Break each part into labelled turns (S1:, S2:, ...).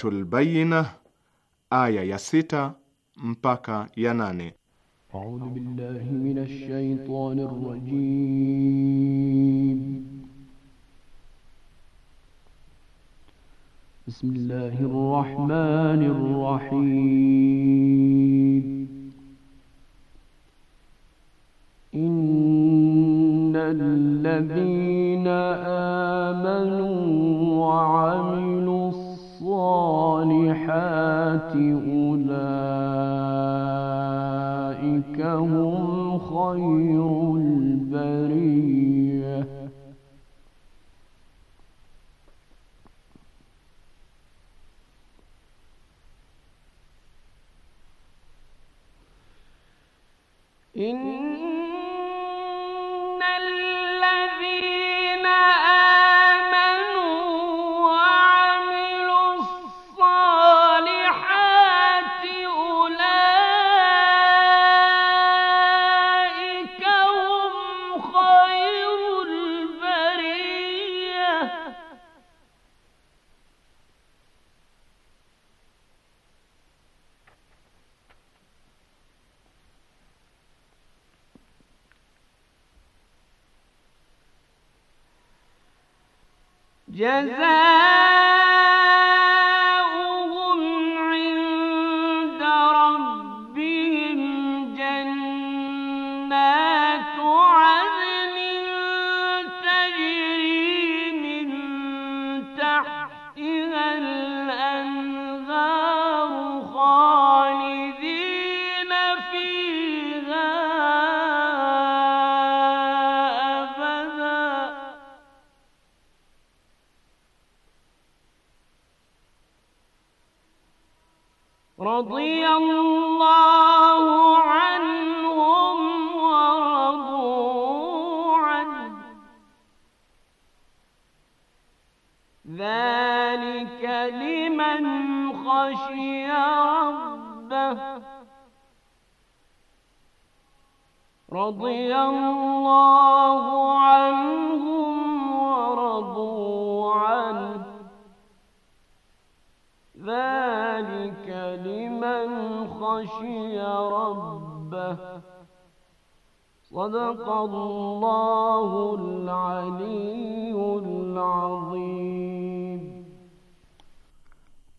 S1: Suratul Bayyina aya ya sita mpaka ya nane. A'udhu
S2: billahi minash shaitani rrajim.
S3: Bismillahir
S2: rahmanir rahim 嗯。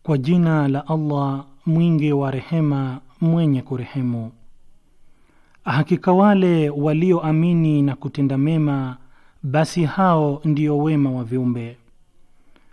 S1: Kwa jina la Allah mwingi wa rehema mwenye kurehemu. Hakika wale walioamini na kutenda mema, basi hao ndio wema wa viumbe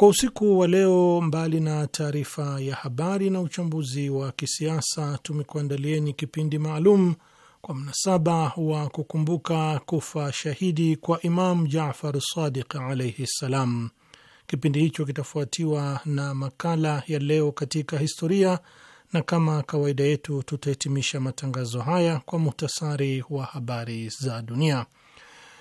S1: Kwa usiku wa leo, mbali na taarifa ya habari na uchambuzi wa kisiasa, tumekuandalieni kipindi maalum kwa mnasaba wa kukumbuka kufa shahidi kwa Imam Jafar Sadiq alaihi ssalam. Kipindi hicho kitafuatiwa na makala ya leo katika historia, na kama kawaida yetu tutahitimisha matangazo haya kwa muhtasari wa habari za dunia.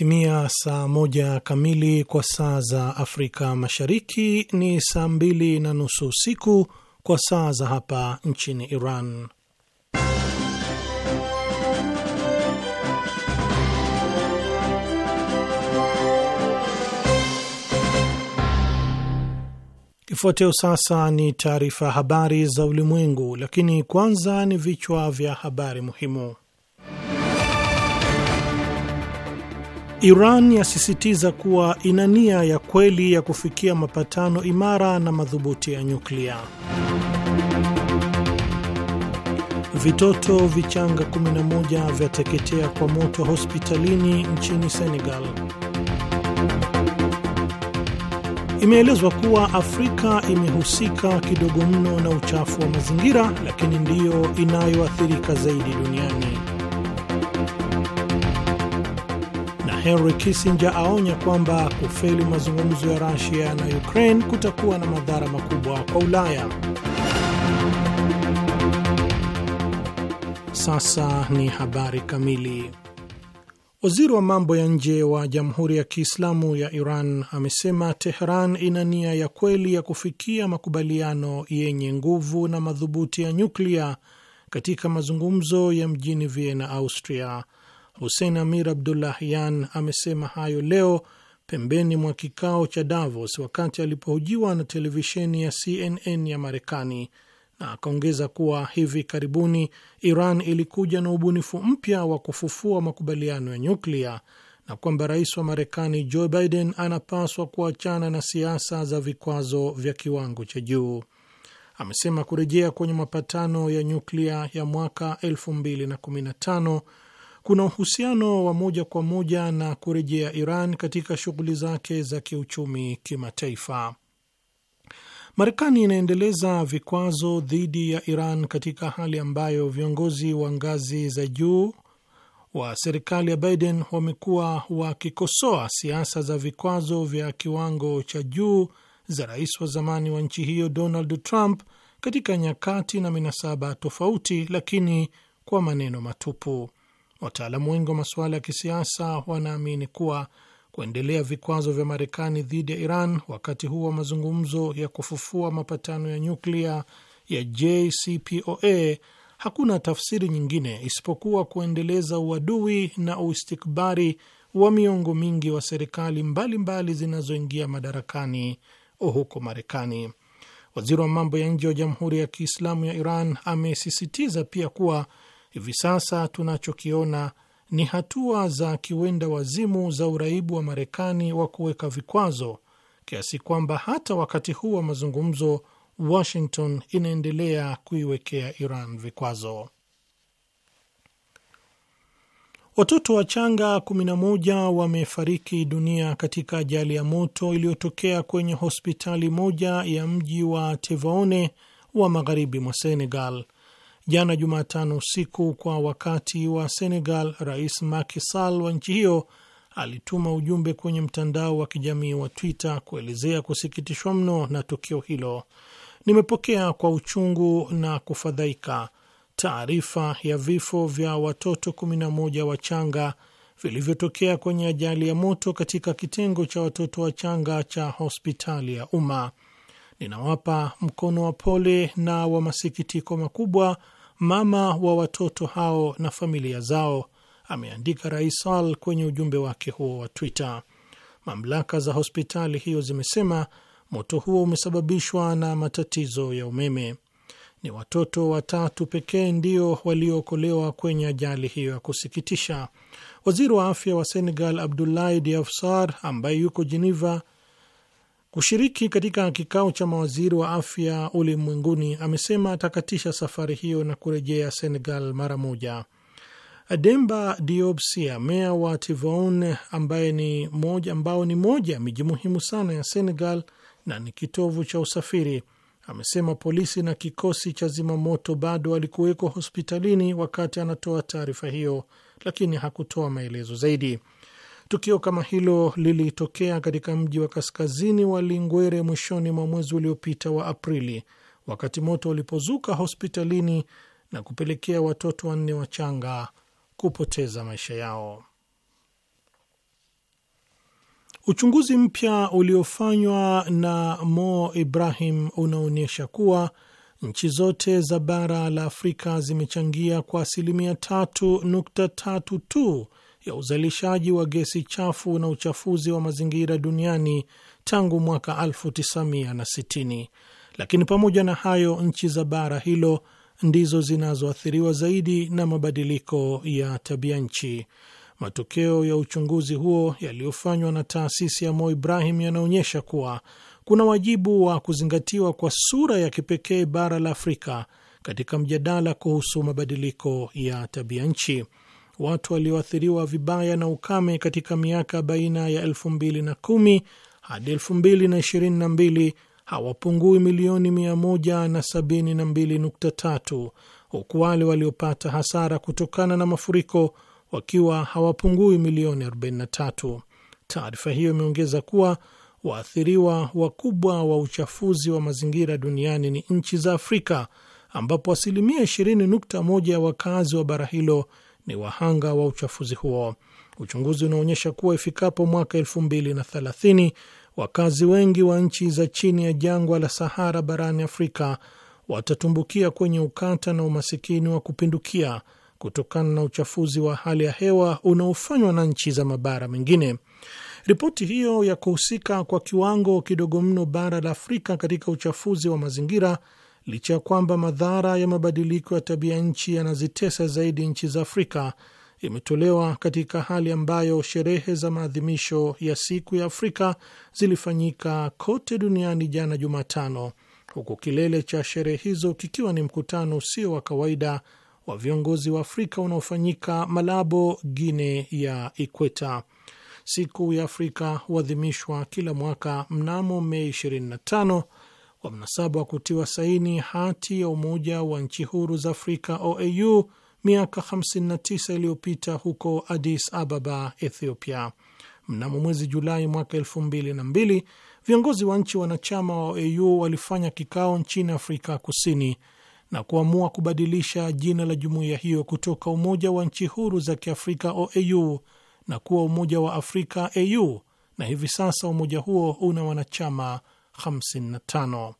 S1: Imetimia saa moja kamili kwa saa za Afrika Mashariki, ni saa mbili na nusu usiku kwa saa za hapa nchini Iran. Kifuatio sasa ni taarifa habari za ulimwengu, lakini kwanza ni vichwa vya habari muhimu. Iran yasisitiza kuwa ina nia ya kweli ya kufikia mapatano imara na madhubuti ya nyuklia. Vitoto vichanga 11 vyateketea kwa moto hospitalini nchini Senegal. Imeelezwa kuwa Afrika imehusika kidogo mno na uchafu wa mazingira, lakini ndiyo inayoathirika zaidi duniani. Henry Kissinger aonya kwamba kufeli mazungumzo ya rusia na Ukraine kutakuwa na madhara makubwa kwa Ulaya. Sasa ni habari kamili. Waziri wa mambo ya nje wa Jamhuri ya Kiislamu ya Iran amesema Tehran ina nia ya kweli ya kufikia makubaliano yenye nguvu na madhubuti ya nyuklia katika mazungumzo ya mjini Vienna, Austria, Hussein Amir Abdullahyan amesema hayo leo pembeni mwa kikao cha Davos wakati alipohojiwa na televisheni ya CNN ya Marekani, na akaongeza kuwa hivi karibuni Iran ilikuja na ubunifu mpya wa kufufua makubaliano ya nyuklia na kwamba rais wa Marekani Joe Biden anapaswa kuachana na siasa za vikwazo vya kiwango cha juu. Amesema kurejea kwenye mapatano ya nyuklia ya mwaka 2015 kuna uhusiano wa moja kwa moja na kurejea Iran katika shughuli zake za kiuchumi kimataifa. Marekani inaendeleza vikwazo dhidi ya Iran katika hali ambayo viongozi wa ngazi za juu wa serikali ya Biden wamekuwa wakikosoa siasa za vikwazo vya kiwango cha juu za rais wa zamani wa nchi hiyo Donald Trump katika nyakati na minasaba tofauti, lakini kwa maneno matupu. Wataalamu wengi wa masuala ya kisiasa wanaamini kuwa kuendelea vikwazo vya Marekani dhidi ya Iran wakati huu wa mazungumzo ya kufufua mapatano ya nyuklia ya JCPOA hakuna tafsiri nyingine isipokuwa kuendeleza uadui na uistikbari wa miongo mingi wa serikali mbalimbali zinazoingia madarakani huko Marekani. Waziri wa mambo ya nje wa Jamhuri ya Kiislamu ya Iran amesisitiza pia kuwa Hivi sasa tunachokiona ni hatua za kiwenda wazimu za uraibu wa Marekani wa kuweka vikwazo kiasi kwamba hata wakati huu wa mazungumzo Washington inaendelea kuiwekea Iran vikwazo. Watoto wachanga 11 wamefariki dunia katika ajali ya moto iliyotokea kwenye hospitali moja ya mji wa Tevaone wa magharibi mwa Senegal. Jana Jumatano usiku kwa wakati wa Senegal, Rais Macky Sall wa nchi hiyo alituma ujumbe kwenye mtandao wa kijamii wa Twitter kuelezea kusikitishwa mno na tukio hilo. Nimepokea kwa uchungu na kufadhaika taarifa ya vifo vya watoto 11 wachanga vilivyotokea kwenye ajali ya moto katika kitengo cha watoto wachanga cha hospitali ya umma. Ninawapa mkono wa pole na wa masikitiko makubwa mama wa watoto hao na familia zao, ameandika Rais Sall kwenye ujumbe wake huo wa Twitter. Mamlaka za hospitali hiyo zimesema moto huo umesababishwa na matatizo ya umeme. Ni watoto watatu pekee ndio waliookolewa kwenye ajali hiyo ya kusikitisha. Waziri wa afya wa Senegal Abdoulaye Diafsar ambaye yuko Geneva kushiriki katika kikao cha mawaziri wa afya ulimwenguni. Amesema atakatisha safari hiyo na kurejea Senegal mara moja. Demba diopsia mea meya wa Tivon ambaye ni moja ambao ni moja ya miji muhimu sana ya Senegal na ni kitovu cha usafiri, amesema polisi na kikosi cha zimamoto bado alikuwekwa hospitalini wakati anatoa taarifa hiyo, lakini hakutoa maelezo zaidi. Tukio kama hilo lilitokea katika mji wa kaskazini wa Lingwere mwishoni mwa mwezi uliopita wa Aprili, wakati moto ulipozuka hospitalini na kupelekea watoto wanne wachanga kupoteza maisha yao. Uchunguzi mpya uliofanywa na Mo Ibrahim unaonyesha kuwa nchi zote za bara la Afrika zimechangia kwa asilimia tatu nukta tatu tu ya uzalishaji wa gesi chafu na uchafuzi wa mazingira duniani tangu mwaka 1960. Lakini pamoja na hayo, nchi za bara hilo ndizo zinazoathiriwa zaidi na mabadiliko ya tabia nchi. Matokeo ya uchunguzi huo yaliyofanywa na taasisi ya Mo Ibrahim yanaonyesha kuwa kuna wajibu wa kuzingatiwa kwa sura ya kipekee bara la Afrika katika mjadala kuhusu mabadiliko ya tabia nchi watu walioathiriwa vibaya na ukame katika miaka baina ya 2010 hadi 2022 hawapungui milioni 172.3 huku wale waliopata hasara kutokana na mafuriko wakiwa hawapungui milioni 43. Taarifa hiyo imeongeza kuwa waathiriwa wakubwa wa uchafuzi wa mazingira duniani ni nchi za Afrika ambapo asilimia 20.1 ya wakazi wa bara hilo ni wahanga wa uchafuzi huo. Uchunguzi unaonyesha kuwa ifikapo mwaka elfu mbili na thelathini wakazi wengi wa nchi za chini ya jangwa la Sahara barani Afrika watatumbukia kwenye ukata na umasikini wa kupindukia kutokana na uchafuzi wa hali ya hewa unaofanywa na nchi za mabara mengine. Ripoti hiyo ya kuhusika kwa kiwango kidogo mno bara la Afrika katika uchafuzi wa mazingira licha ya kwamba madhara ya mabadiliko ya tabia nchi yanazitesa zaidi nchi za Afrika, imetolewa katika hali ambayo sherehe za maadhimisho ya siku ya Afrika zilifanyika kote duniani jana Jumatano, huku kilele cha sherehe hizo kikiwa ni mkutano usio wa kawaida wa viongozi wa Afrika unaofanyika Malabo, guine ya Ikweta. Siku ya Afrika huadhimishwa kila mwaka mnamo Mei kwa mnasaba wa kutiwa saini hati ya Umoja wa Nchi Huru za Afrika OAU miaka 59 iliyopita huko Addis Ababa, Ethiopia. Mnamo mwezi Julai mwaka 2002 viongozi wa nchi wanachama wa OAU walifanya kikao nchini Afrika Kusini na kuamua kubadilisha jina la jumuiya hiyo kutoka Umoja wa Nchi Huru za Kiafrika OAU na kuwa Umoja wa Afrika AU, na hivi sasa umoja huo una wanachama 55.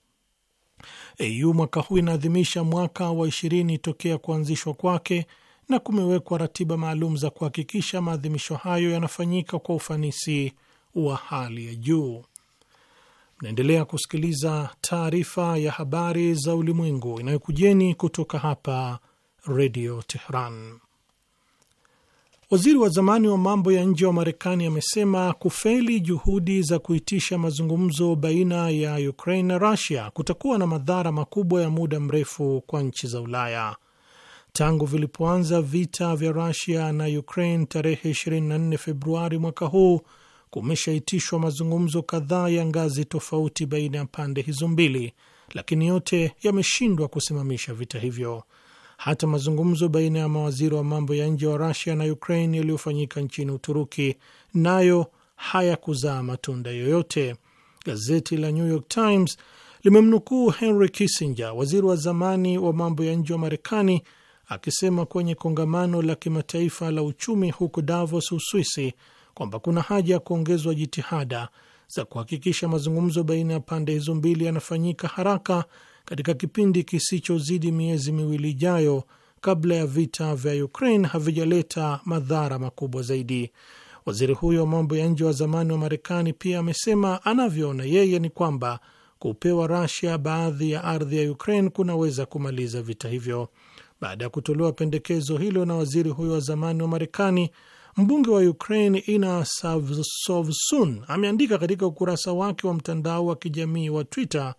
S1: AU mwaka huu inaadhimisha mwaka wa 20 tokea kuanzishwa kwake na kumewekwa ratiba maalum za kuhakikisha maadhimisho hayo yanafanyika kwa ufanisi wa hali ya juu. Mnaendelea kusikiliza taarifa ya habari za ulimwengu inayokujeni kutoka hapa Redio Tehran. Waziri wa zamani wa mambo ya nje wa Marekani amesema kufeli juhudi za kuitisha mazungumzo baina ya Ukraine na Rusia kutakuwa na madhara makubwa ya muda mrefu kwa nchi za Ulaya. Tangu vilipoanza vita vya Rusia na Ukraine tarehe 24 Februari mwaka huu, kumeshaitishwa mazungumzo kadhaa ya ngazi tofauti baina ya pande hizo mbili, lakini yote yameshindwa kusimamisha vita hivyo. Hata mazungumzo baina ya mawaziri wa mambo ya nje wa Rusia na Ukraine yaliyofanyika nchini Uturuki nayo hayakuzaa matunda yoyote. Gazeti la New York Times limemnukuu Henry Kissinger, waziri wa zamani wa mambo ya nje wa Marekani, akisema kwenye kongamano la kimataifa la uchumi huko Davos, Uswisi, kwamba kuna haja ya kuongezwa jitihada za kuhakikisha mazungumzo baina ya pande hizo mbili yanafanyika haraka katika kipindi kisichozidi miezi miwili ijayo kabla ya vita vya Ukraine havijaleta madhara makubwa zaidi. Waziri huyo wa mambo ya nje wa zamani wa Marekani pia amesema anavyoona yeye ni kwamba kupewa Rasia baadhi ya ardhi ya Ukraine kunaweza kumaliza vita hivyo. Baada ya kutolewa pendekezo hilo na waziri huyo wa zamani wa Marekani, mbunge wa Ukraine Ina Savsovsun ameandika katika ukurasa wake wa mtandao wa kijamii wa Twitter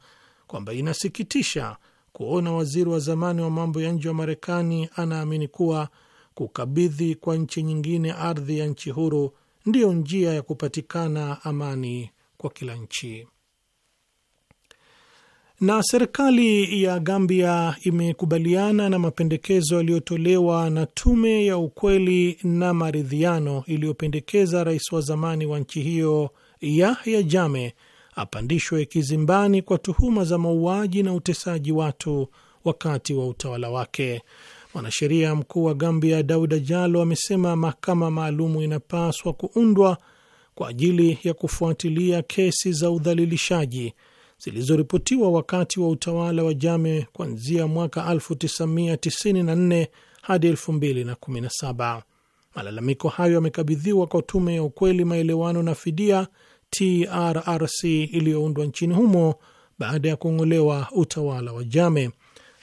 S1: kwamba inasikitisha kuona waziri wa zamani wa mambo ya nje wa Marekani anaamini kuwa kukabidhi kwa nchi nyingine ardhi ya nchi huru ndiyo njia ya kupatikana amani kwa kila nchi. Na serikali ya Gambia imekubaliana na mapendekezo yaliyotolewa na tume ya ukweli na maridhiano iliyopendekeza rais wa zamani wa nchi hiyo Yahya Jammeh apandishwe kizimbani kwa tuhuma za mauaji na utesaji watu wakati wa utawala wake. Mwanasheria mkuu wa Gambia Dauda Jalo amesema mahakama maalumu inapaswa kuundwa kwa ajili ya kufuatilia kesi za udhalilishaji zilizoripotiwa wakati wa utawala wa Jame kuanzia mwaka 1994 hadi 2017. Malalamiko hayo yamekabidhiwa kwa Tume ya Ukweli, Maelewano na Fidia TRRC iliyoundwa nchini humo baada ya kuong'olewa utawala wa Jame.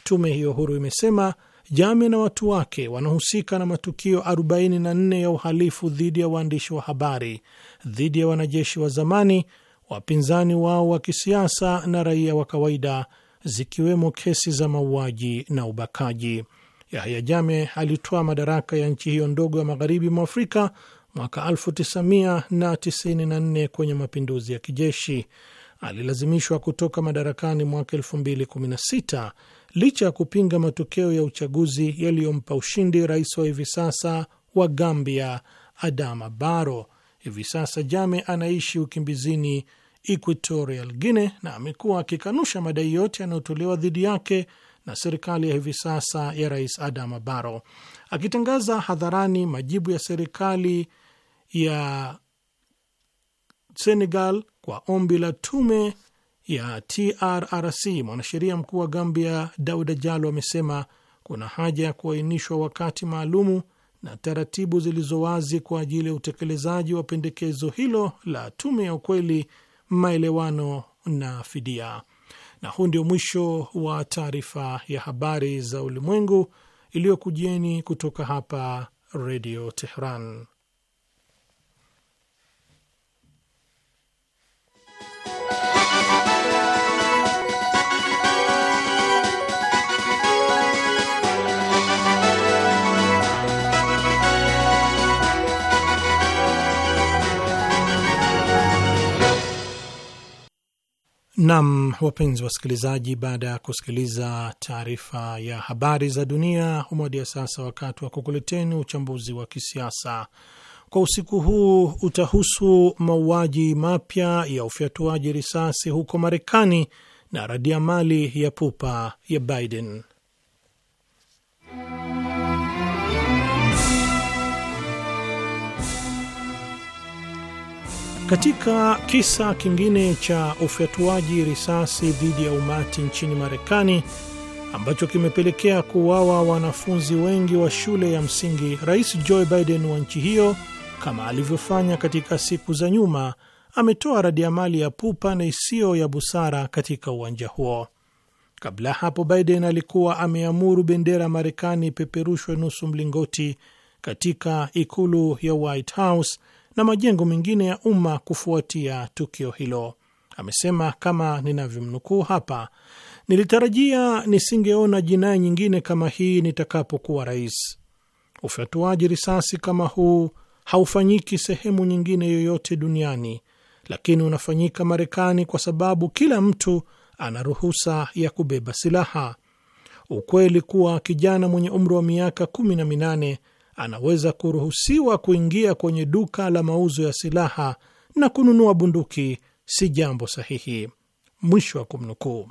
S1: Tume hiyo huru imesema Jame na watu wake wanahusika na matukio 44 ya uhalifu dhidi ya waandishi wa habari, dhidi ya wanajeshi wa zamani, wapinzani wao wa kisiasa na raia wa kawaida, zikiwemo kesi za mauaji na ubakaji. Yahya Jame alitoa madaraka ya nchi hiyo ndogo ya magharibi mwa Afrika mwaka 1994 kwenye mapinduzi ya kijeshi. Alilazimishwa kutoka madarakani mwaka 2016 licha ya kupinga matokeo ya uchaguzi yaliyompa ushindi rais wa hivi sasa wa Gambia, Adama baro Hivi sasa Jame anaishi ukimbizini Equatorial guine na amekuwa akikanusha madai yote yanayotolewa dhidi yake na serikali ya hivi sasa ya rais Adama Baro, akitangaza hadharani majibu ya serikali ya Senegal kwa ombi la tume ya TRRC, mwanasheria mkuu wa Gambia Dauda Jalo amesema kuna haja ya kuainishwa wakati maalumu na taratibu zilizo wazi kwa ajili ya utekelezaji wa pendekezo hilo la tume ya ukweli, maelewano na fidia. Na huu ndio mwisho wa taarifa ya habari za ulimwengu iliyokujieni kutoka hapa Redio Tehran. Nam, wapenzi wasikilizaji, baada ya kusikiliza taarifa ya habari za dunia, umewadia sasa wakati wa kukuleteni uchambuzi wa kisiasa kwa usiku huu. Utahusu mauaji mapya ya ufyatuaji risasi huko Marekani na radiamali ya pupa ya Biden. Katika kisa kingine cha ufyatuaji risasi dhidi ya umati nchini Marekani ambacho kimepelekea kuuawa wanafunzi wengi wa shule ya msingi, Rais Joe Biden wa nchi hiyo, kama alivyofanya katika siku za nyuma, ametoa radiamali ya pupa na isiyo ya busara katika uwanja huo. Kabla hapo, Biden alikuwa ameamuru bendera Marekani ipeperushwe nusu mlingoti katika ikulu ya White House na majengo mengine ya umma kufuatia tukio hilo. Amesema kama ninavyomnukuu hapa, nilitarajia nisingeona jinai nyingine kama hii nitakapokuwa rais. Ufyatuaji risasi kama huu haufanyiki sehemu nyingine yoyote duniani, lakini unafanyika Marekani kwa sababu kila mtu ana ruhusa ya kubeba silaha. Ukweli kuwa kijana mwenye umri wa miaka kumi na minane anaweza kuruhusiwa kuingia kwenye duka la mauzo ya silaha na kununua bunduki si jambo sahihi. Mwisho wa kumnukuu.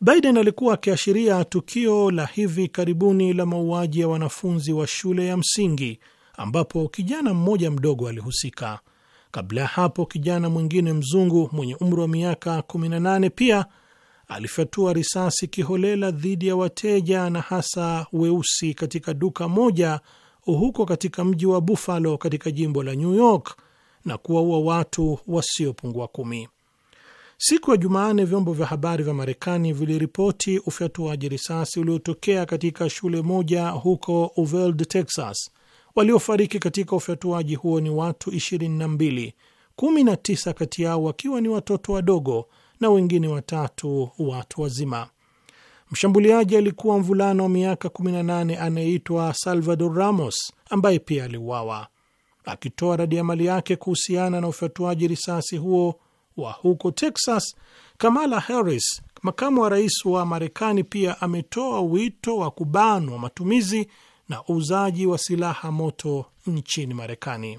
S1: Biden alikuwa akiashiria tukio la hivi karibuni la mauaji ya wanafunzi wa shule ya msingi ambapo kijana mmoja mdogo alihusika. Kabla ya hapo, kijana mwingine mzungu mwenye umri wa miaka 18 pia alifyatua risasi kiholela dhidi ya wateja na hasa weusi katika duka moja huko katika mji wa Buffalo katika jimbo la New York na kuwaua watu wasiopungua kumi. Siku ya Jumanne, vyombo vya habari vya Marekani viliripoti ufyatuaji risasi uliotokea katika shule moja huko Uvalde, Texas. Waliofariki katika ufyatuaji huo ni watu 22, 19 kati yao wakiwa ni watoto wadogo na wengine watatu watu wazima. Mshambuliaji alikuwa mvulana wa miaka 18 anayeitwa Salvador Ramos ambaye pia aliuawa. Akitoa radi ya mali yake kuhusiana na ufyatuaji risasi huo wa huko Texas, Kamala Harris, makamu wa rais wa Marekani, pia ametoa wito wa kubanwa matumizi na uuzaji wa silaha moto nchini Marekani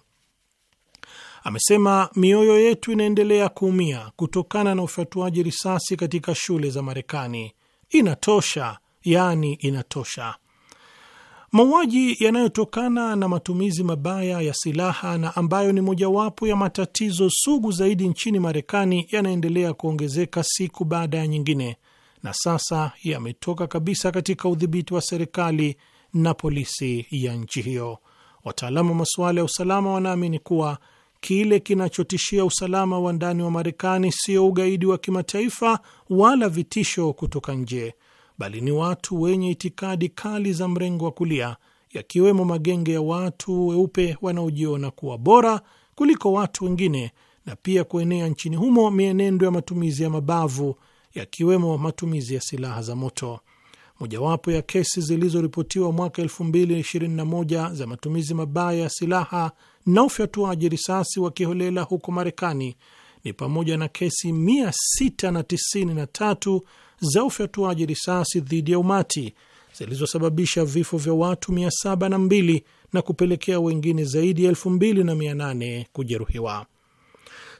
S1: amesema mioyo yetu inaendelea kuumia kutokana na ufyatuaji risasi katika shule za Marekani. Inatosha, yaani inatosha. Mauaji yanayotokana na matumizi mabaya ya silaha na ambayo ni mojawapo ya matatizo sugu zaidi nchini Marekani yanaendelea kuongezeka siku baada ya nyingine, na sasa yametoka kabisa katika udhibiti wa serikali na polisi ya nchi hiyo. Wataalamu wa masuala ya usalama wanaamini kuwa kile kinachotishia usalama wa ndani wa Marekani sio ugaidi wa kimataifa wala vitisho kutoka nje, bali ni watu wenye itikadi kali za mrengo wa kulia, yakiwemo magenge ya watu weupe wanaojiona kuwa bora kuliko watu wengine, na pia kuenea nchini humo mienendo ya matumizi ya mabavu, yakiwemo matumizi ya silaha za moto. Mojawapo ya kesi zilizoripotiwa mwaka 2021 za matumizi mabaya ya silaha na ufyatuaji risasi wa kiholela huko Marekani ni pamoja na kesi 693 za ufyatuaji risasi dhidi ya umati zilizosababisha vifo vya watu 702 na, na kupelekea wengine zaidi ya 2800 kujeruhiwa.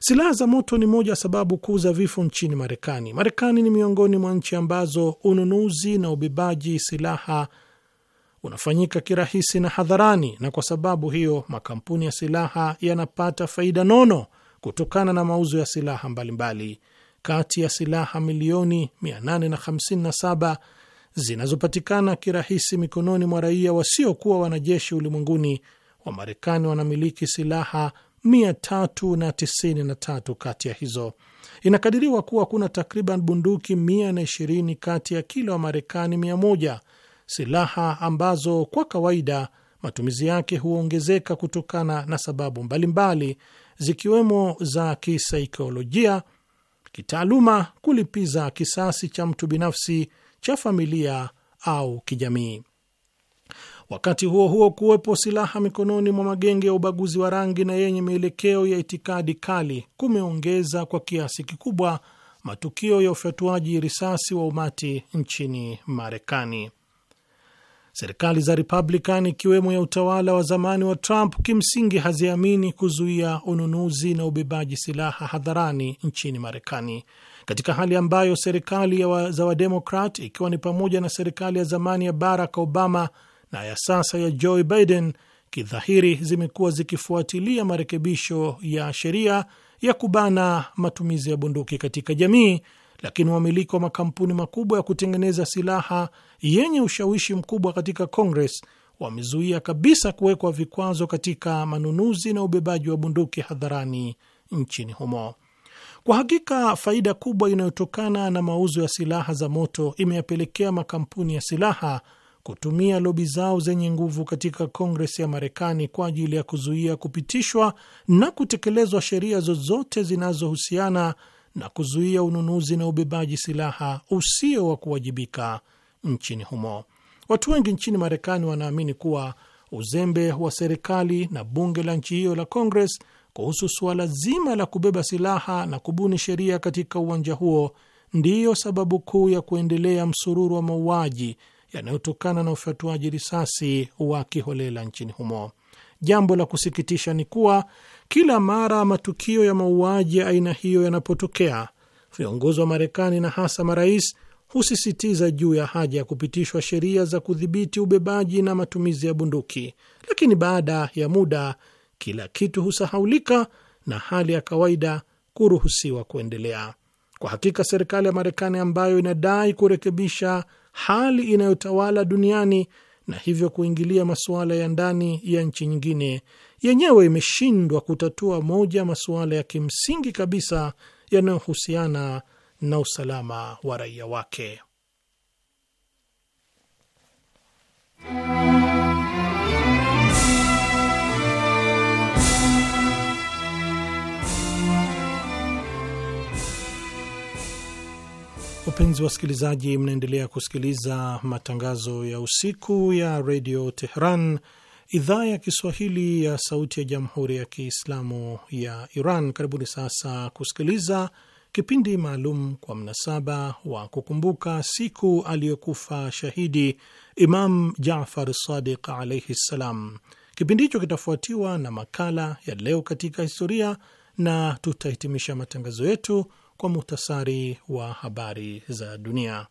S1: Silaha za moto ni moja sababu kuu za vifo nchini Marekani. Marekani ni miongoni mwa nchi ambazo ununuzi na ubebaji silaha unafanyika kirahisi na hadharani, na kwa sababu hiyo makampuni ya silaha yanapata faida nono kutokana na mauzo ya silaha mbalimbali. Kati ya silaha milioni 857 zinazopatikana kirahisi mikononi mwa raia wasiokuwa wanajeshi ulimwenguni, Wamarekani wanamiliki silaha 393 kati ya hizo. Inakadiriwa kuwa kuna takriban bunduki 120 kati ya kila Wamarekani marekani silaha ambazo kwa kawaida matumizi yake huongezeka kutokana na sababu mbalimbali mbali, zikiwemo za kisaikolojia, kitaaluma, kulipiza kisasi cha mtu binafsi, cha familia au kijamii. Wakati huo huo, kuwepo silaha mikononi mwa magenge ya ubaguzi wa rangi na yenye mielekeo ya itikadi kali kumeongeza kwa kiasi kikubwa matukio ya ufyatuaji risasi wa umati nchini Marekani. Serikali za Republican ikiwemo ya utawala wa zamani wa Trump kimsingi haziamini kuzuia ununuzi na ubebaji silaha hadharani nchini Marekani, katika hali ambayo serikali wa, za Wademokrat ikiwa ni pamoja na serikali ya zamani ya Barack Obama na ya sasa ya Joe Biden kidhahiri zimekuwa zikifuatilia marekebisho ya sheria ya kubana matumizi ya bunduki katika jamii lakini wamiliki wa makampuni makubwa ya kutengeneza silaha yenye ushawishi mkubwa katika Congress wamezuia kabisa kuwekwa vikwazo katika manunuzi na ubebaji wa bunduki hadharani nchini humo. Kwa hakika faida kubwa inayotokana na mauzo ya silaha za moto imeyapelekea makampuni ya silaha kutumia lobi zao zenye nguvu katika Kongres ya Marekani kwa ajili ya kuzuia kupitishwa na kutekelezwa sheria zozote zinazohusiana na kuzuia ununuzi na ubebaji silaha usio wa kuwajibika nchini humo. Watu wengi nchini Marekani wanaamini kuwa uzembe wa serikali na bunge la nchi hiyo la Congress kuhusu suala zima la kubeba silaha na kubuni sheria katika uwanja huo ndiyo sababu kuu ya kuendelea msururu wa mauaji yanayotokana na ufyatuaji risasi wa kiholela nchini humo. Jambo la kusikitisha ni kuwa kila mara matukio ya mauaji ya aina hiyo yanapotokea, viongozi wa Marekani na hasa marais husisitiza juu ya haja ya kupitishwa sheria za kudhibiti ubebaji na matumizi ya bunduki, lakini baada ya muda kila kitu husahaulika na hali ya kawaida kuruhusiwa kuendelea. Kwa hakika, serikali ya Marekani ambayo inadai kurekebisha hali inayotawala duniani na hivyo kuingilia masuala ya ndani ya nchi nyingine yenyewe imeshindwa kutatua moja masuala ya kimsingi kabisa yanayohusiana na usalama wa raia wake. Wapenzi wasikilizaji, mnaendelea kusikiliza matangazo ya usiku ya redio Tehran, idhaa ya Kiswahili ya Sauti ya Jamhuri ya Kiislamu ya Iran. Karibuni sasa kusikiliza kipindi maalum kwa mnasaba wa kukumbuka siku aliyokufa shahidi Imam Jafar Sadiq alaihi ssalam. Kipindi hicho kitafuatiwa na makala ya leo katika historia na tutahitimisha matangazo yetu kwa muhtasari wa habari za dunia.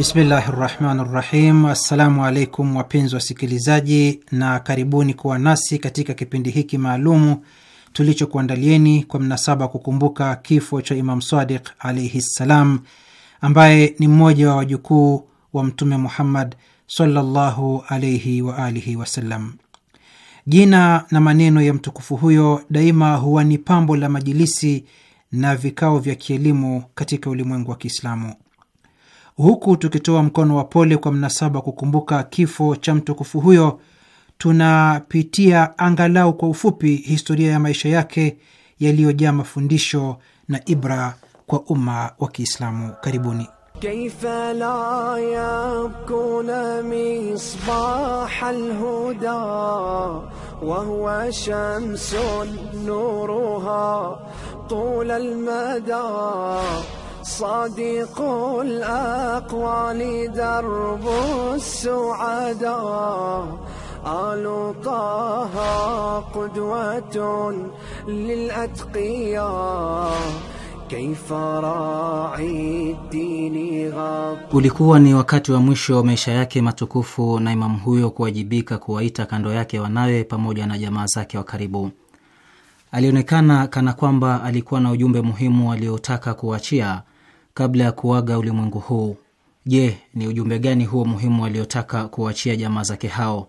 S4: Bismillahi rahmani rahim. Assalamu alaikum wapenzi wasikilizaji, na karibuni kuwa nasi katika kipindi hiki maalumu tulichokuandalieni kwa mnasaba kukumbuka kifo cha Imam Sadiq alaihi ssalam, ambaye ni mmoja wa wajukuu wa Mtume Muhammad sallallahu alaihi alihi wasallam. Jina na maneno ya mtukufu huyo daima huwa ni pambo la majilisi na vikao vya kielimu katika ulimwengu wa Kiislamu. Huku tukitoa mkono wa pole kwa mnasaba kukumbuka kifo cha mtukufu huyo, tunapitia angalau kwa ufupi historia ya maisha yake yaliyojaa mafundisho na ibra kwa umma wa Kiislamu. Karibuni.
S3: shamsun nuruha tula almada صديق الأقوال درب السعداء آل طه قدوة للأتقياء كيف راعي الدين غاب.
S5: Ulikuwa ni wakati wa mwisho wa maisha yake matukufu na imamu huyo kuwajibika kuwaita kando yake wanawe pamoja na jamaa zake wa karibu. Alionekana kana kwamba alikuwa na ujumbe muhimu aliotaka kuachia kabla ya kuaga ulimwengu huu. Je, ni ujumbe gani huo muhimu aliotaka kuwachia jamaa zake hao?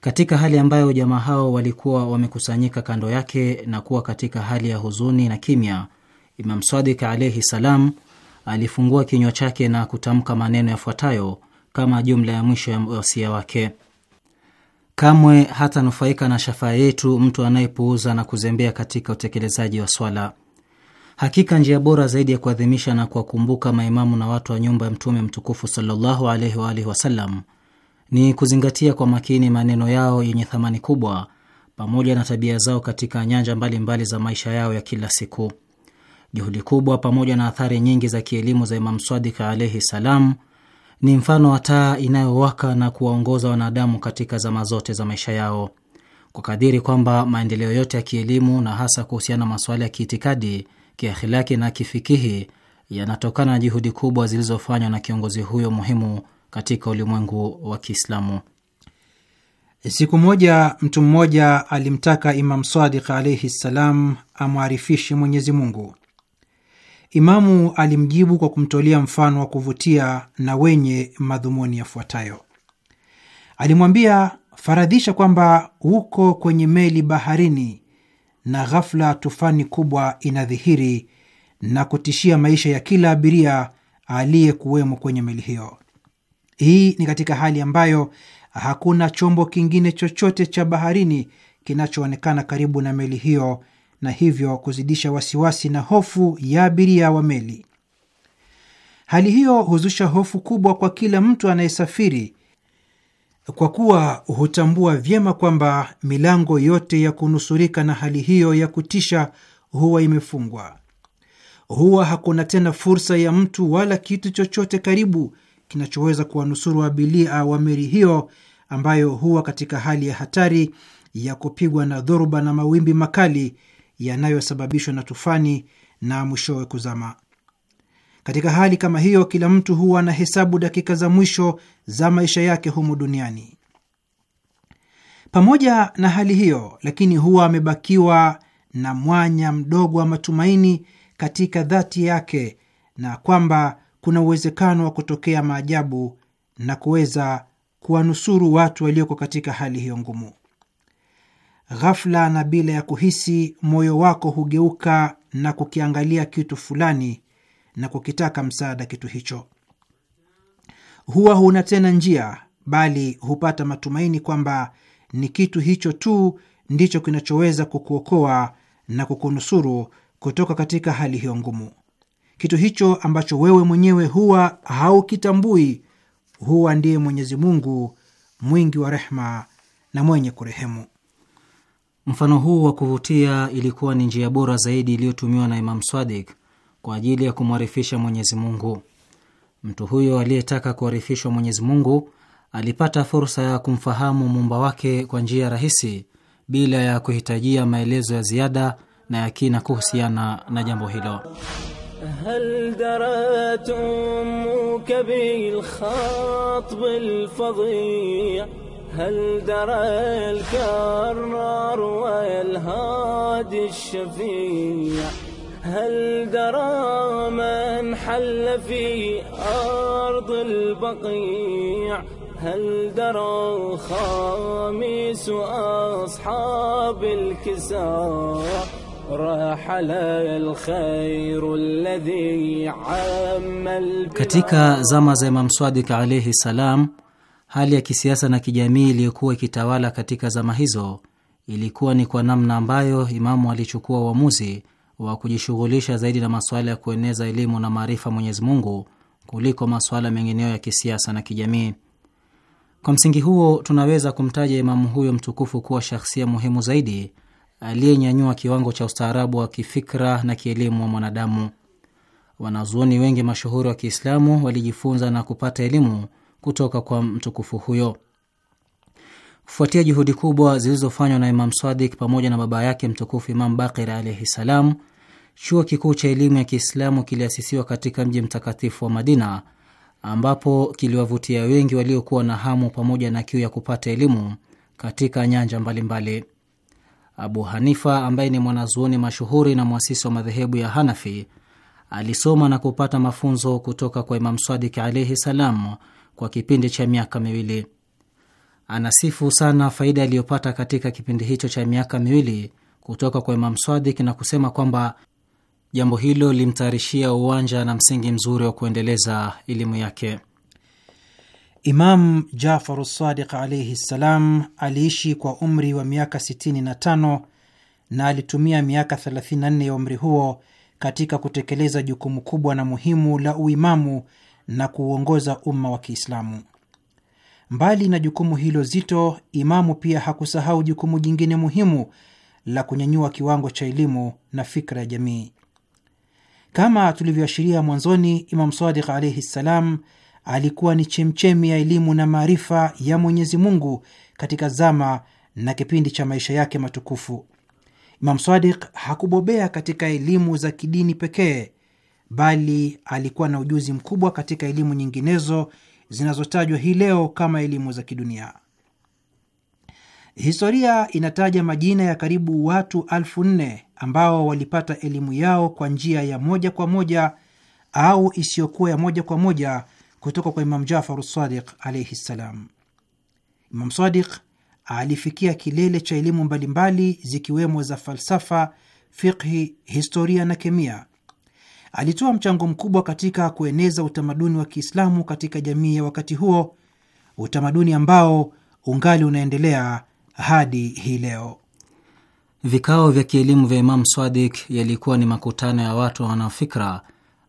S5: Katika hali ambayo jamaa hao walikuwa wamekusanyika kando yake na kuwa katika hali ya huzuni na kimya, Imam Sadik alaihi salam alifungua kinywa chake na kutamka maneno yafuatayo kama jumla ya mwisho ya wasia wake: kamwe hatanufaika na shafaa yetu mtu anayepuuza na kuzembea katika utekelezaji wa swala. Hakika njia bora zaidi ya kuadhimisha na kuwakumbuka maimamu na watu wa nyumba ya Mtume mtukufu sallallahu alaihi wa alihi wasallam ni kuzingatia kwa makini maneno yao yenye thamani kubwa pamoja na tabia zao katika nyanja mbalimbali mbali za maisha yao ya kila siku. Juhudi kubwa pamoja na athari nyingi za kielimu za Imam Swadik alaihi salam ni mfano wa taa inayowaka na kuwaongoza wanadamu katika zama zote za maisha yao, kwa kadiri kwamba maendeleo yote ya kielimu na hasa kuhusiana na masuala ya kiitikadi kiakhilaki na kifikihi yanatokana na juhudi kubwa zilizofanywa na kiongozi huyo muhimu
S4: katika ulimwengu wa Kiislamu. Siku moja mtu mmoja alimtaka Imam Sadiq alaihi ssalam amwarifishe Mwenyezi Mungu. Imamu alimjibu kwa kumtolea mfano wa kuvutia na wenye madhumuni yafuatayo. Alimwambia, faradhisha kwamba uko kwenye meli baharini na ghafla tufani kubwa inadhihiri na kutishia maisha ya kila abiria aliyekuwemo kwenye meli hiyo. Hii ni katika hali ambayo hakuna chombo kingine chochote cha baharini kinachoonekana karibu na meli hiyo, na hivyo kuzidisha wasiwasi na hofu ya abiria wa meli. Hali hiyo huzusha hofu kubwa kwa kila mtu anayesafiri kwa kuwa hutambua vyema kwamba milango yote ya kunusurika na hali hiyo ya kutisha huwa imefungwa. Huwa hakuna tena fursa ya mtu wala kitu chochote karibu kinachoweza kuwanusuru abiria wa meli hiyo ambayo huwa katika hali ya hatari ya kupigwa na dhoruba na mawimbi makali yanayosababishwa na tufani na mwishowe kuzama. Katika hali kama hiyo, kila mtu huwa na hesabu dakika za mwisho za maisha yake humu duniani. Pamoja na hali hiyo, lakini huwa amebakiwa na mwanya mdogo wa matumaini katika dhati yake, na kwamba kuna uwezekano wa kutokea maajabu na kuweza kuwanusuru watu walioko katika hali hiyo ngumu. Ghafla na bila ya kuhisi, moyo wako hugeuka na kukiangalia kitu fulani na kukitaka msaada kitu hicho. Huwa huna tena njia, bali hupata matumaini kwamba ni kitu hicho tu ndicho kinachoweza kukuokoa na kukunusuru kutoka katika hali hiyo ngumu. Kitu hicho ambacho wewe mwenyewe huwa haukitambui, huwa ndiye Mwenyezi Mungu mwingi wa rehma na mwenye kurehemu.
S5: Mfano huu wa kuvutia ilikuwa ni njia bora zaidi iliyotumiwa na Imam Swadik kwa ajili ya kumwarifisha Mwenyezi Mungu. Mtu huyo aliyetaka kuarifishwa Mwenyezi Mungu alipata fursa ya kumfahamu muumba wake kwa njia rahisi bila ya kuhitajia maelezo ya ziada na ya kina kuhusiana na jambo hilo. Hal darat
S3: هل درى من حل في أرض البقيع هل درى خامس أصحاب الكساء رحل
S5: الخير الذي عم Katika zama za Imam Swadik alaihi salam, hali ya kisiasa na kijamii iliyokuwa ikitawala katika zama hizo ilikuwa ni kwa namna ambayo imamu alichukua uamuzi wa kujishughulisha zaidi na masuala ya kueneza elimu na maarifa Mwenyezi Mungu kuliko masuala mengineyo ya kisiasa na kijamii. Kwa msingi huo, tunaweza kumtaja imamu huyo mtukufu kuwa shahsia muhimu zaidi aliyenyanyua kiwango cha ustaarabu wa kifikra na kielimu wa mwanadamu. Wanazuoni wengi mashuhuri wa Kiislamu walijifunza na kupata elimu kutoka kwa mtukufu huyo. Kufuatia juhudi kubwa zilizofanywa na Imam Swadik pamoja na baba yake mtukufu Imam Bakir alaihi salam, Chuo kikuu cha elimu ya Kiislamu kiliasisiwa katika mji mtakatifu wa Madina, ambapo kiliwavutia wengi waliokuwa na hamu pamoja na kiu ya kupata elimu katika nyanja mbalimbali mbali. Abu Hanifa ambaye ni mwanazuoni mashuhuri na mwasisi wa madhehebu ya Hanafi alisoma na kupata mafunzo kutoka kwa Imam Swadik alaihi salam kwa kipindi cha miaka miwili. Anasifu sana faida aliyopata katika kipindi hicho cha miaka miwili kutoka kwa Imam Swadik na kusema kwamba Jambo hilo limtayarishia uwanja na msingi mzuri wa kuendeleza elimu yake.
S4: Imam Jafaru Sadiq alaihi ssalam aliishi kwa umri wa miaka 65 na alitumia miaka 34 ya umri huo katika kutekeleza jukumu kubwa na muhimu la uimamu na kuuongoza umma wa Kiislamu. Mbali na jukumu hilo zito, imamu pia hakusahau jukumu jingine muhimu la kunyanyua kiwango cha elimu na fikra ya jamii. Kama tulivyoashiria mwanzoni, Imam Sadik alaihi ssalam alikuwa ni chemchemi ya elimu na maarifa ya Mwenyezi Mungu katika zama na kipindi cha maisha yake matukufu. Imam Sadik hakubobea katika elimu za kidini pekee, bali alikuwa na ujuzi mkubwa katika elimu nyinginezo zinazotajwa hii leo kama elimu za kidunia. Historia inataja majina ya karibu watu elfu nne ambao walipata elimu yao kwa njia ya moja kwa moja au isiyokuwa ya moja kwa moja kutoka kwa Imam jafar Sadiq alaihi ssalam. Imam Sadiq alifikia kilele cha elimu mbalimbali zikiwemo za falsafa, fiqhi, historia na kemia. Alitoa mchango mkubwa katika kueneza utamaduni wa Kiislamu katika jamii ya wakati huo, utamaduni ambao ungali unaendelea hadi hii leo.
S5: Vikao vya kielimu vya Imamu Swadik yalikuwa ni makutano ya watu wanaofikra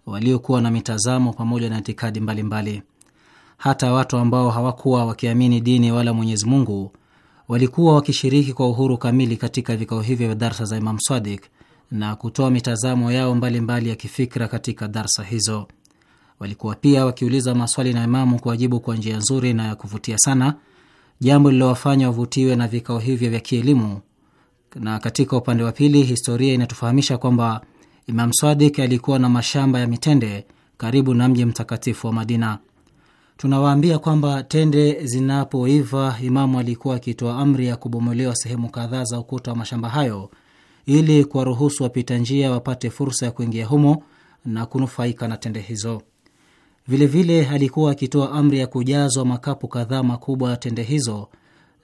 S5: waliokuwa na mitazamo pamoja na itikadi mbalimbali. Hata watu ambao hawakuwa wakiamini dini wala Mwenyezi Mungu walikuwa wakishiriki kwa uhuru kamili katika vikao hivyo vya darsa za imam Swadik na kutoa mitazamo yao mbalimbali mbali ya kifikra katika darsa hizo. Walikuwa pia wakiuliza maswali na Imamu kuwajibu kwa njia nzuri na ya kuvutia sana jambo lililowafanya wavutiwe na vikao hivyo vya kielimu. Na katika upande wa pili, historia inatufahamisha kwamba Imam Swadik alikuwa na mashamba ya mitende karibu na mji mtakatifu wa Madina. Tunawaambia kwamba tende zinapoiva, Imamu alikuwa akitoa amri ya kubomolewa sehemu kadhaa za ukuta wa mashamba hayo ili kuwaruhusu wapita njia wapate fursa ya kuingia humo na kunufaika na tende hizo. Vilevile alikuwa akitoa amri ya kujazwa makapu kadhaa makubwa ya tende hizo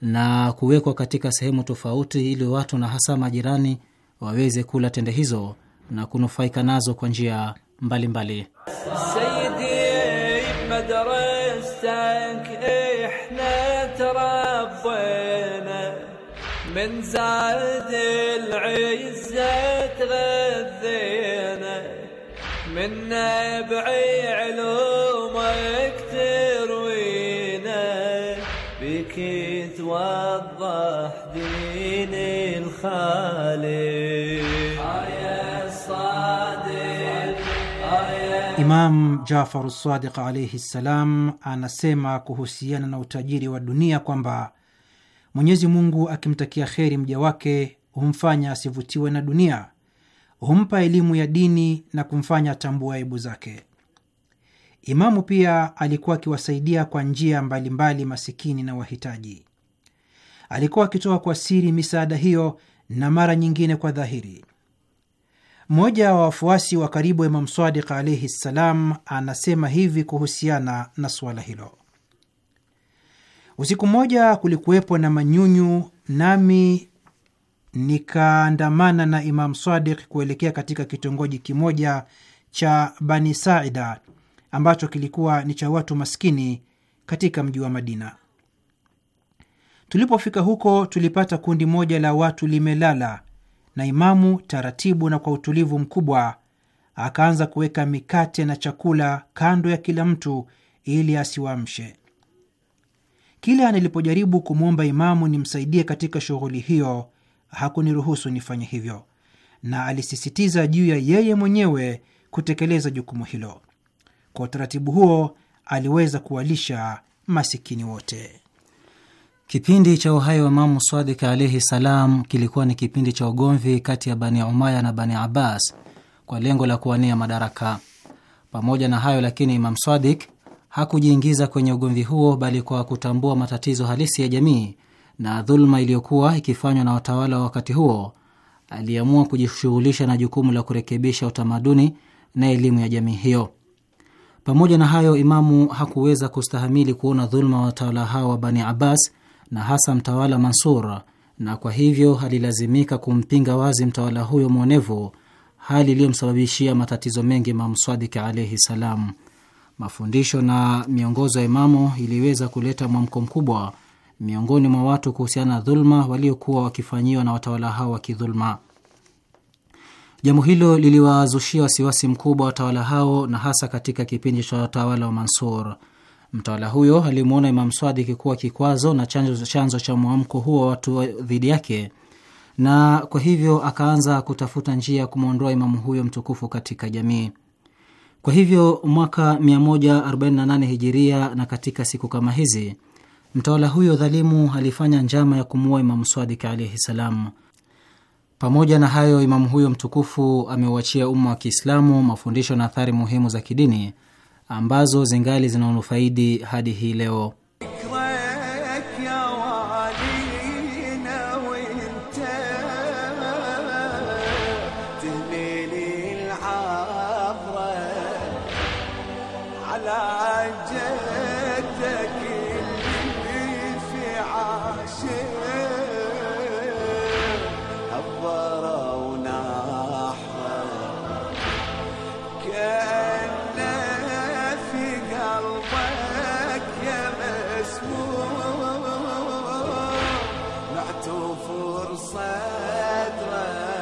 S5: na kuwekwa katika sehemu tofauti, ili watu na hasa majirani waweze kula tende hizo na kunufaika nazo kwa njia mbalimbali.
S3: من نبعي علومك تروينا بك توضح دين الخالق آية الصادق
S4: آية Imam Jafar Sadiq alaihi ssalam anasema kuhusiana na utajiri wa dunia kwamba Mwenyezi Mungu akimtakia kheri mja wake humfanya asivutiwe na dunia humpa elimu ya dini na kumfanya tambua aibu zake. Imamu pia alikuwa akiwasaidia kwa njia mbalimbali mbali masikini na wahitaji. Alikuwa akitoa kwa siri misaada hiyo na mara nyingine kwa dhahiri. Mmoja wa wafuasi wa karibu Imam Sadiq alaihi ssalam anasema hivi kuhusiana na suala hilo: usiku mmoja kulikuwepo na manyunyu, nami nikaandamana na Imam Sadiq kuelekea katika kitongoji kimoja cha Bani Saida ambacho kilikuwa ni cha watu maskini katika mji wa Madina. Tulipofika huko, tulipata kundi moja la watu limelala, na Imamu taratibu na kwa utulivu mkubwa akaanza kuweka mikate na chakula kando ya kila mtu ili asiwamshe Kila nilipojaribu kumwomba Imamu nimsaidie katika shughuli hiyo hakuniruhusu nifanye hivyo, na alisisitiza juu ya yeye mwenyewe kutekeleza jukumu hilo. Kwa utaratibu huo aliweza kuwalisha masikini wote. Kipindi cha uhai wa Imamu Swadik alaihi salam
S5: kilikuwa ni kipindi cha ugomvi kati ya Bani Umaya na Bani Abbas kwa lengo la kuwania madaraka. Pamoja na hayo lakini, Imam Swadik hakujiingiza kwenye ugomvi huo, bali kwa kutambua matatizo halisi ya jamii na dhuluma iliyokuwa ikifanywa na watawala wa wakati huo, aliamua kujishughulisha na jukumu la kurekebisha utamaduni na elimu ya jamii hiyo. Pamoja na hayo, Imamu hakuweza kustahamili kuona dhuluma wa watawala hao wa Bani Abbas na hasa mtawala Mansur, na kwa hivyo alilazimika kumpinga wazi mtawala huyo mwonevu, hali iliyomsababishia matatizo mengi Imamu Swadik alaihi salam. Mafundisho na miongozo ya Imamu iliweza kuleta mwamko mkubwa miongoni mwa watu kuhusiana na dhulma waliokuwa wakifanyiwa na watawala hao wa kidhulma. Jambo hilo liliwazushia wasiwasi mkubwa watawala hao, na hasa katika kipindi cha watawala wa Mansur. Mtawala huyo alimwona Imam Swadiki kuwa kikwazo na chanzo, chanzo cha mwamko huo wa watu dhidi yake, na kwa hivyo akaanza kutafuta njia ya kumwondoa imamu huyo mtukufu katika jamii. Kwa hivyo mwaka 148 hijiria, na katika siku kama hizi Mtawala huyo dhalimu alifanya njama ya kumuua Imamu Swadiki alaihi salam. Pamoja na hayo, imamu huyo mtukufu ameuachia umma wa Kiislamu mafundisho na athari muhimu za kidini ambazo zingali zinaonufaidi hadi hii leo.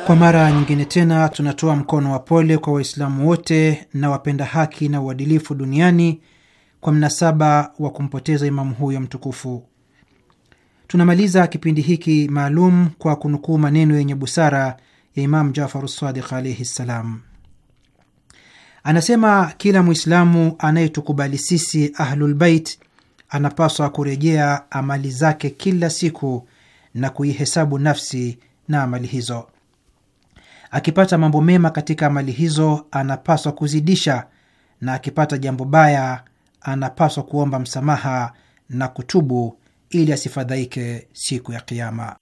S4: Kwa mara nyingine tena tunatoa mkono wa pole kwa Waislamu wote na wapenda haki na uadilifu duniani kwa mnasaba wa kumpoteza imamu huyo mtukufu. Tunamaliza kipindi hiki maalum kwa kunukuu maneno yenye busara ya Imamu Jafaru Sadiq alaihi ssalam. Anasema kila Mwislamu anayetukubali sisi Ahlulbeit anapaswa kurejea amali zake kila siku na kuihesabu nafsi na amali hizo. Akipata mambo mema katika amali hizo anapaswa kuzidisha, na akipata jambo baya anapaswa kuomba msamaha na kutubu ili asifadhaike siku ya Kiama.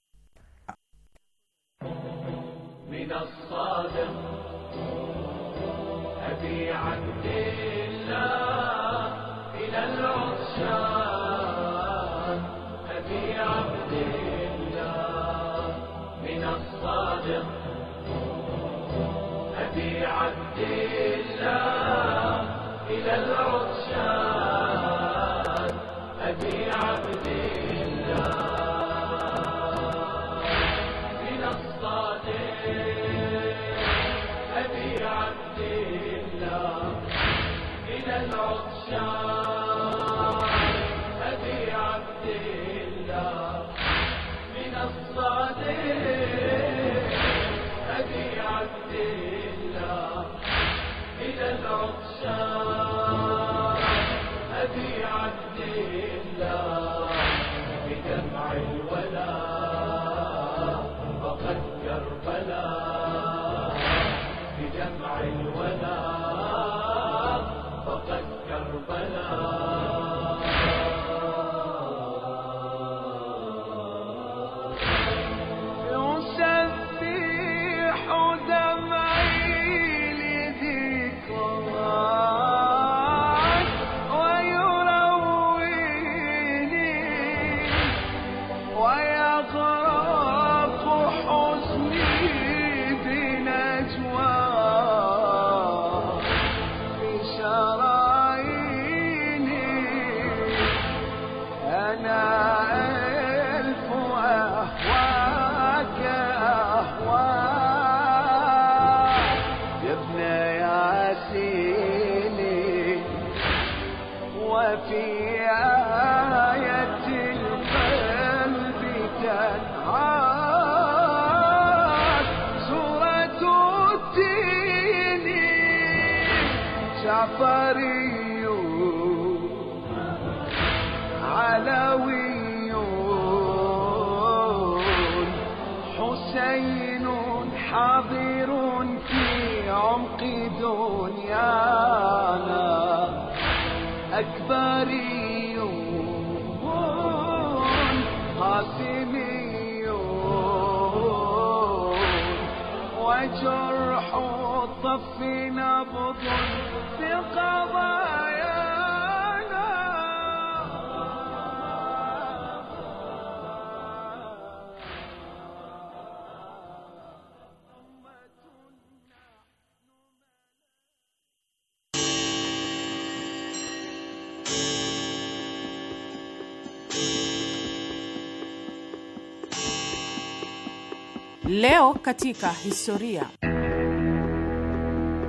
S5: Leo katika historia.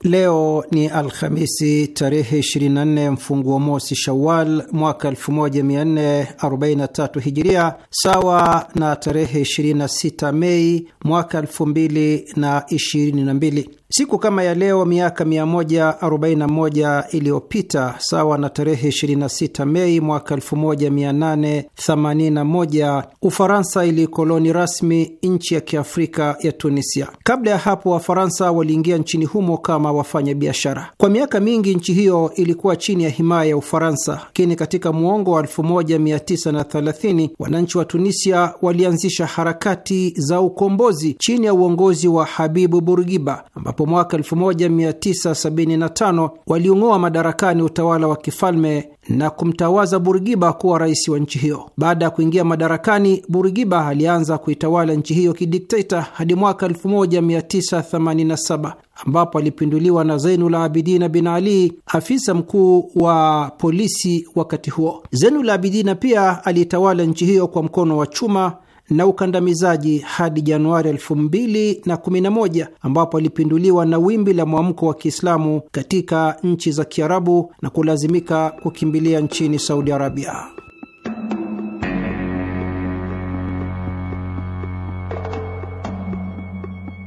S4: Leo ni Alhamisi tarehe 24 mfunguo mosi Shawal mwaka 1443 Hijiria, sawa na tarehe 26 Mei mwaka 2022. Siku kama ya leo miaka 141 iliyopita, sawa na tarehe 26 Mei mwaka 1881, Ufaransa ilikoloni rasmi nchi ya kiafrika ya Tunisia. Kabla ya hapo, Wafaransa waliingia nchini humo kama wafanyabiashara. Kwa miaka mingi nchi hiyo ilikuwa chini ya himaya ya Ufaransa, lakini katika muongo wa 1930 wananchi wa Tunisia walianzisha harakati za ukombozi chini ya uongozi wa Habibu Burgiba ambapo ambapo mwaka 1975 waliung'oa madarakani utawala wa kifalme na kumtawaza Burgiba kuwa rais wa nchi hiyo. Baada ya kuingia madarakani, Burgiba alianza kuitawala nchi hiyo kidikteta hadi mwaka 1987 ambapo alipinduliwa na Zainul Abidina bin Ali, afisa mkuu wa polisi wakati huo. Zainul Abidina pia aliitawala nchi hiyo kwa mkono wa chuma na ukandamizaji hadi Januari 2011 ambapo alipinduliwa na wimbi la mwamko wa Kiislamu katika nchi za Kiarabu na kulazimika kukimbilia nchini Saudi Arabia.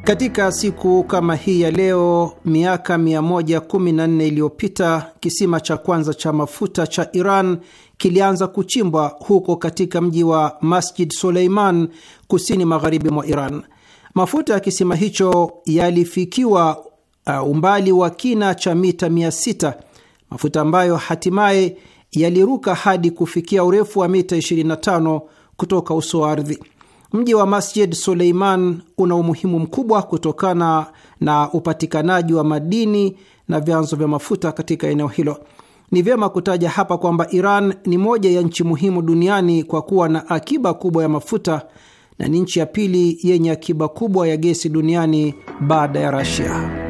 S4: Katika siku kama hii ya leo miaka 114 iliyopita kisima cha kwanza cha mafuta cha Iran kilianza kuchimbwa huko katika mji wa Masjid Suleiman kusini magharibi mwa Iran. Mafuta ya kisima hicho yalifikiwa uh, umbali wa kina cha mita 600, mafuta ambayo hatimaye yaliruka hadi kufikia urefu wa mita 25 kutoka uso wa ardhi. Mji wa Masjid Suleiman una umuhimu mkubwa kutokana na upatikanaji wa madini na vyanzo vya mafuta katika eneo hilo. Ni vyema kutaja hapa kwamba Iran ni moja ya nchi muhimu duniani kwa kuwa na akiba kubwa ya mafuta na ni nchi ya pili yenye akiba kubwa ya gesi duniani baada ya Rasia.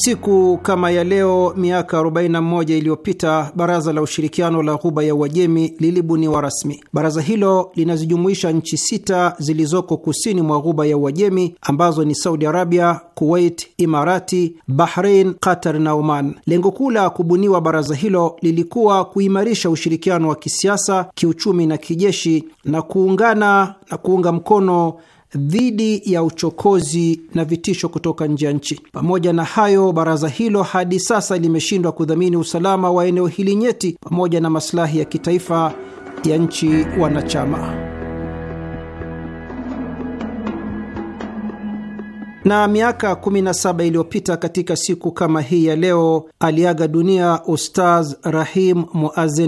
S4: Siku kama ya leo miaka 41 iliyopita baraza la ushirikiano la ghuba ya Uajemi lilibuniwa rasmi. Baraza hilo linazijumuisha nchi sita zilizoko kusini mwa ghuba ya Uajemi ambazo ni Saudi Arabia, Kuwait, Imarati, Bahrain, Qatar na Oman. Lengo kuu la kubuniwa baraza hilo lilikuwa kuimarisha ushirikiano wa kisiasa, kiuchumi na kijeshi na kuungana na kuunga mkono dhidi ya uchokozi na vitisho kutoka nje ya nchi. Pamoja na hayo, baraza hilo hadi sasa limeshindwa kudhamini usalama wa eneo hili nyeti pamoja na masilahi ya kitaifa ya nchi wanachama. Na miaka 17 iliyopita katika siku kama hii ya leo aliaga dunia Ustaz Rahim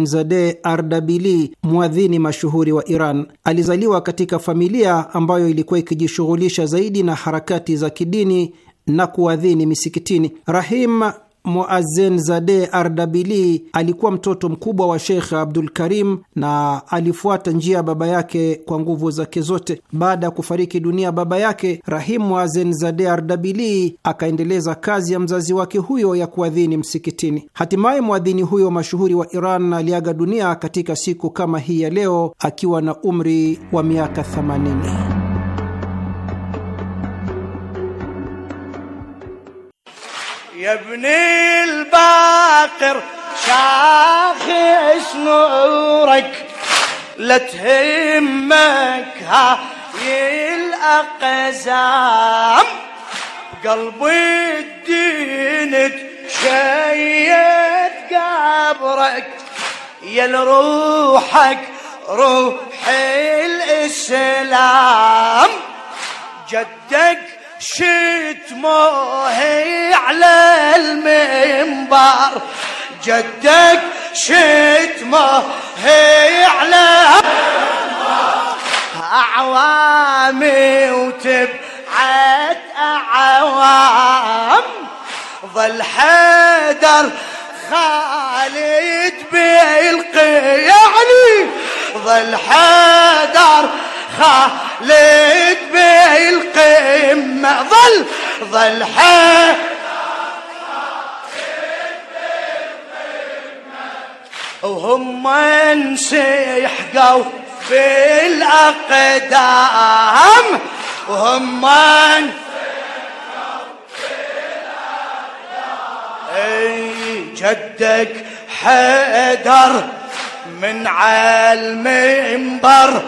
S4: zade Ardabili, mwadhini mashuhuri wa Iran. Alizaliwa katika familia ambayo ilikuwa ikijishughulisha zaidi na harakati za kidini na kuadhini misikitini. Rahim Muazen Zade Ardabili alikuwa mtoto mkubwa wa Sheikh Abdul Karim na alifuata njia ya baba yake kwa nguvu zake zote. Baada ya kufariki dunia baba yake, Rahim Muazen Zade Ardabili akaendeleza kazi ya mzazi wake huyo ya kuadhini msikitini. Hatimaye mwadhini huyo mashuhuri wa Iran aliaga dunia katika siku kama hii ya leo akiwa na umri wa miaka 80.
S3: يا ابن الباقر شاخص نورك لا تهمك هاي الأقزام قلبي الدين تشيد قبرك يا لروحك روح الإسلام جدك شتموه على المنبر جدك شتمه على أعوامي وتبعت أعوام ظل حيدر خالد بيلقي علي ظل حيدر خالد بالقمة ظل ظل حي وهم في بالأقدام وهم جدك حيدر من على المنبر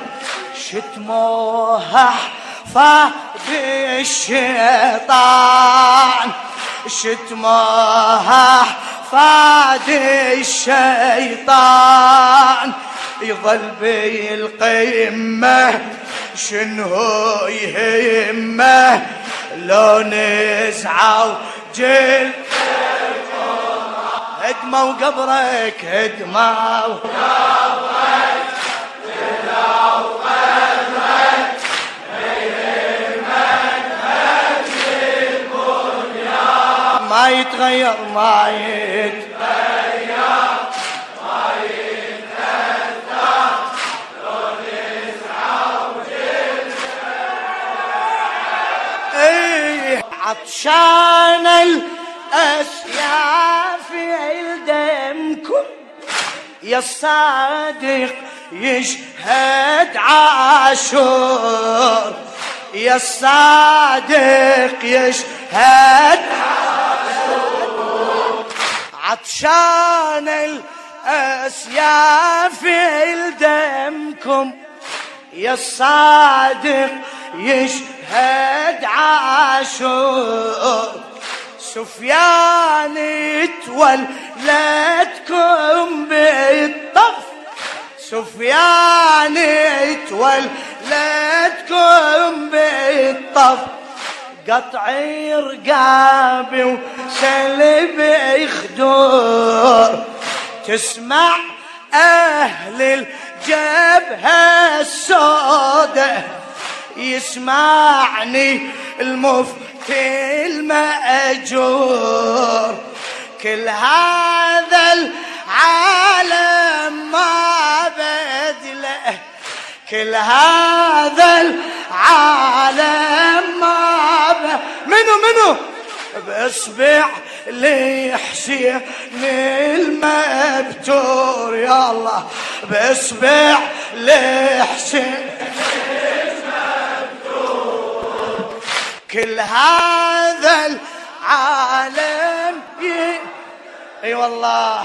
S3: شتموها فاق الشيطان شتموها فاد الشيطان يظل بالقمة شنو يهمه لو نزعوا جل هدموا قبرك هدموا قبرك ما يتغير ما يتغير ما يتأثر لون ايه عطشان الأسياف الدمكم يا الصادق يشهد عاشور يا الصادق يشهد عاشور عطشان الأسياف الدمكم يا الصادق يشهد عاشور سفيان تولدكم بالطف سفيان تولدكم بالطف قطع رقابي وسلب خدور تسمع أهل الجبهة السوداء يسمعني المفتي المأجور كل هذا عالم ما بدله كل هذا العالم ما بدله منو منو باصبع حسين المبتور يا الله باصبع المبتور كل هذا العالم ي... اي والله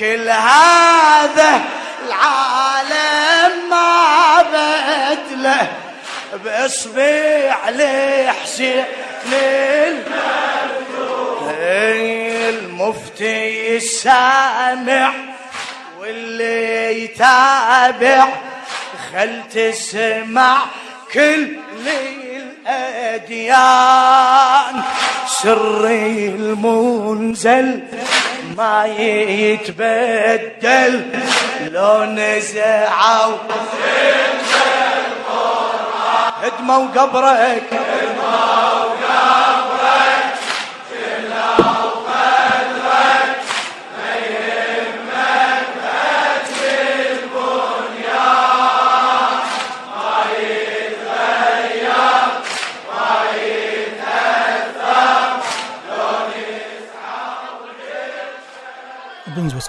S3: كل هذا العالم ما بدله بأصبيع لحسين المفتي السامع واللي يتابع خل تسمع كل الأديان سري المنزل ما يتبدل لو نزعوا هدموا قبرك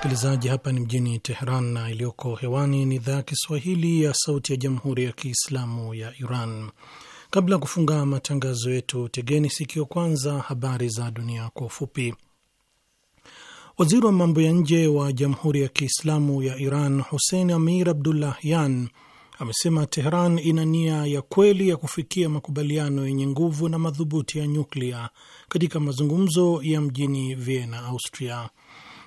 S1: Msikilizaji, hapa ni mjini Teheran na iliyoko hewani ni idhaa ya Kiswahili ya Sauti ya Jamhuri ya Kiislamu ya Iran. Kabla ya kufunga matangazo yetu, tegeni sikio kwanza habari za dunia kwa ufupi. Waziri wa mambo ya nje wa Jamhuri ya Kiislamu ya Iran Hussein Amir Abdullahyan amesema Teheran ina nia ya kweli ya kufikia makubaliano yenye nguvu na madhubuti ya nyuklia katika mazungumzo ya mjini Vienna, Austria.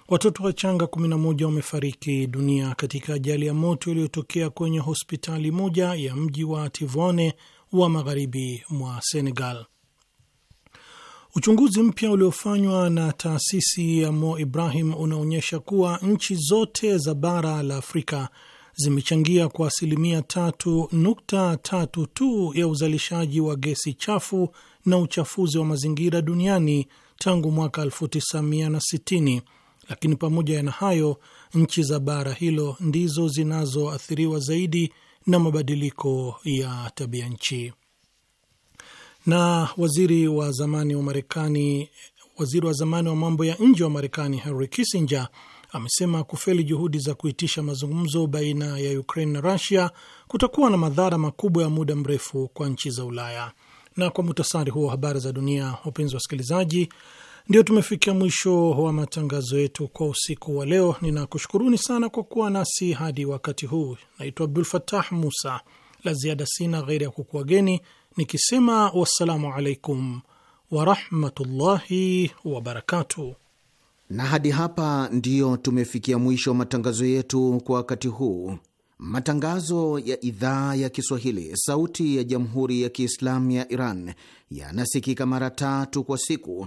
S1: Watoto wachanga 11 wamefariki dunia katika ajali ya moto iliyotokea kwenye hospitali moja ya mji wa Tivone wa magharibi mwa Senegal. Uchunguzi mpya uliofanywa na taasisi ya Mo Ibrahim unaonyesha kuwa nchi zote za bara la Afrika zimechangia kwa asilimia tatu nukta tatu tu ya uzalishaji wa gesi chafu na uchafuzi wa mazingira duniani tangu mwaka 1960 lakini pamoja na hayo, nchi za bara hilo ndizo zinazoathiriwa zaidi na mabadiliko ya tabia nchi. Na waziri wa zamani wa Marekani, waziri wa zamani wa mambo ya nje wa Marekani Henry Kissinger amesema kufeli juhudi za kuitisha mazungumzo baina ya Ukraine na Russia kutakuwa na madhara makubwa ya muda mrefu kwa nchi za Ulaya. Na kwa mutasari huo habari za dunia, wapenzi wasikilizaji, ndio tumefikia mwisho wa matangazo yetu kwa usiku wa leo. Ninakushukuruni sana kwa kuwa nasi hadi wakati huu. Naitwa Abdul Fatah Musa. La ziada sina ghairi ya kukuageni nikisema wassalamu alaikum warahmatullahi wabarakatuh.
S6: Na hadi hapa ndiyo tumefikia mwisho wa matangazo yetu kwa wakati huu. Matangazo ya idhaa ya Kiswahili sauti ya jamhuri ya Kiislamu ya Iran yanasikika mara tatu kwa siku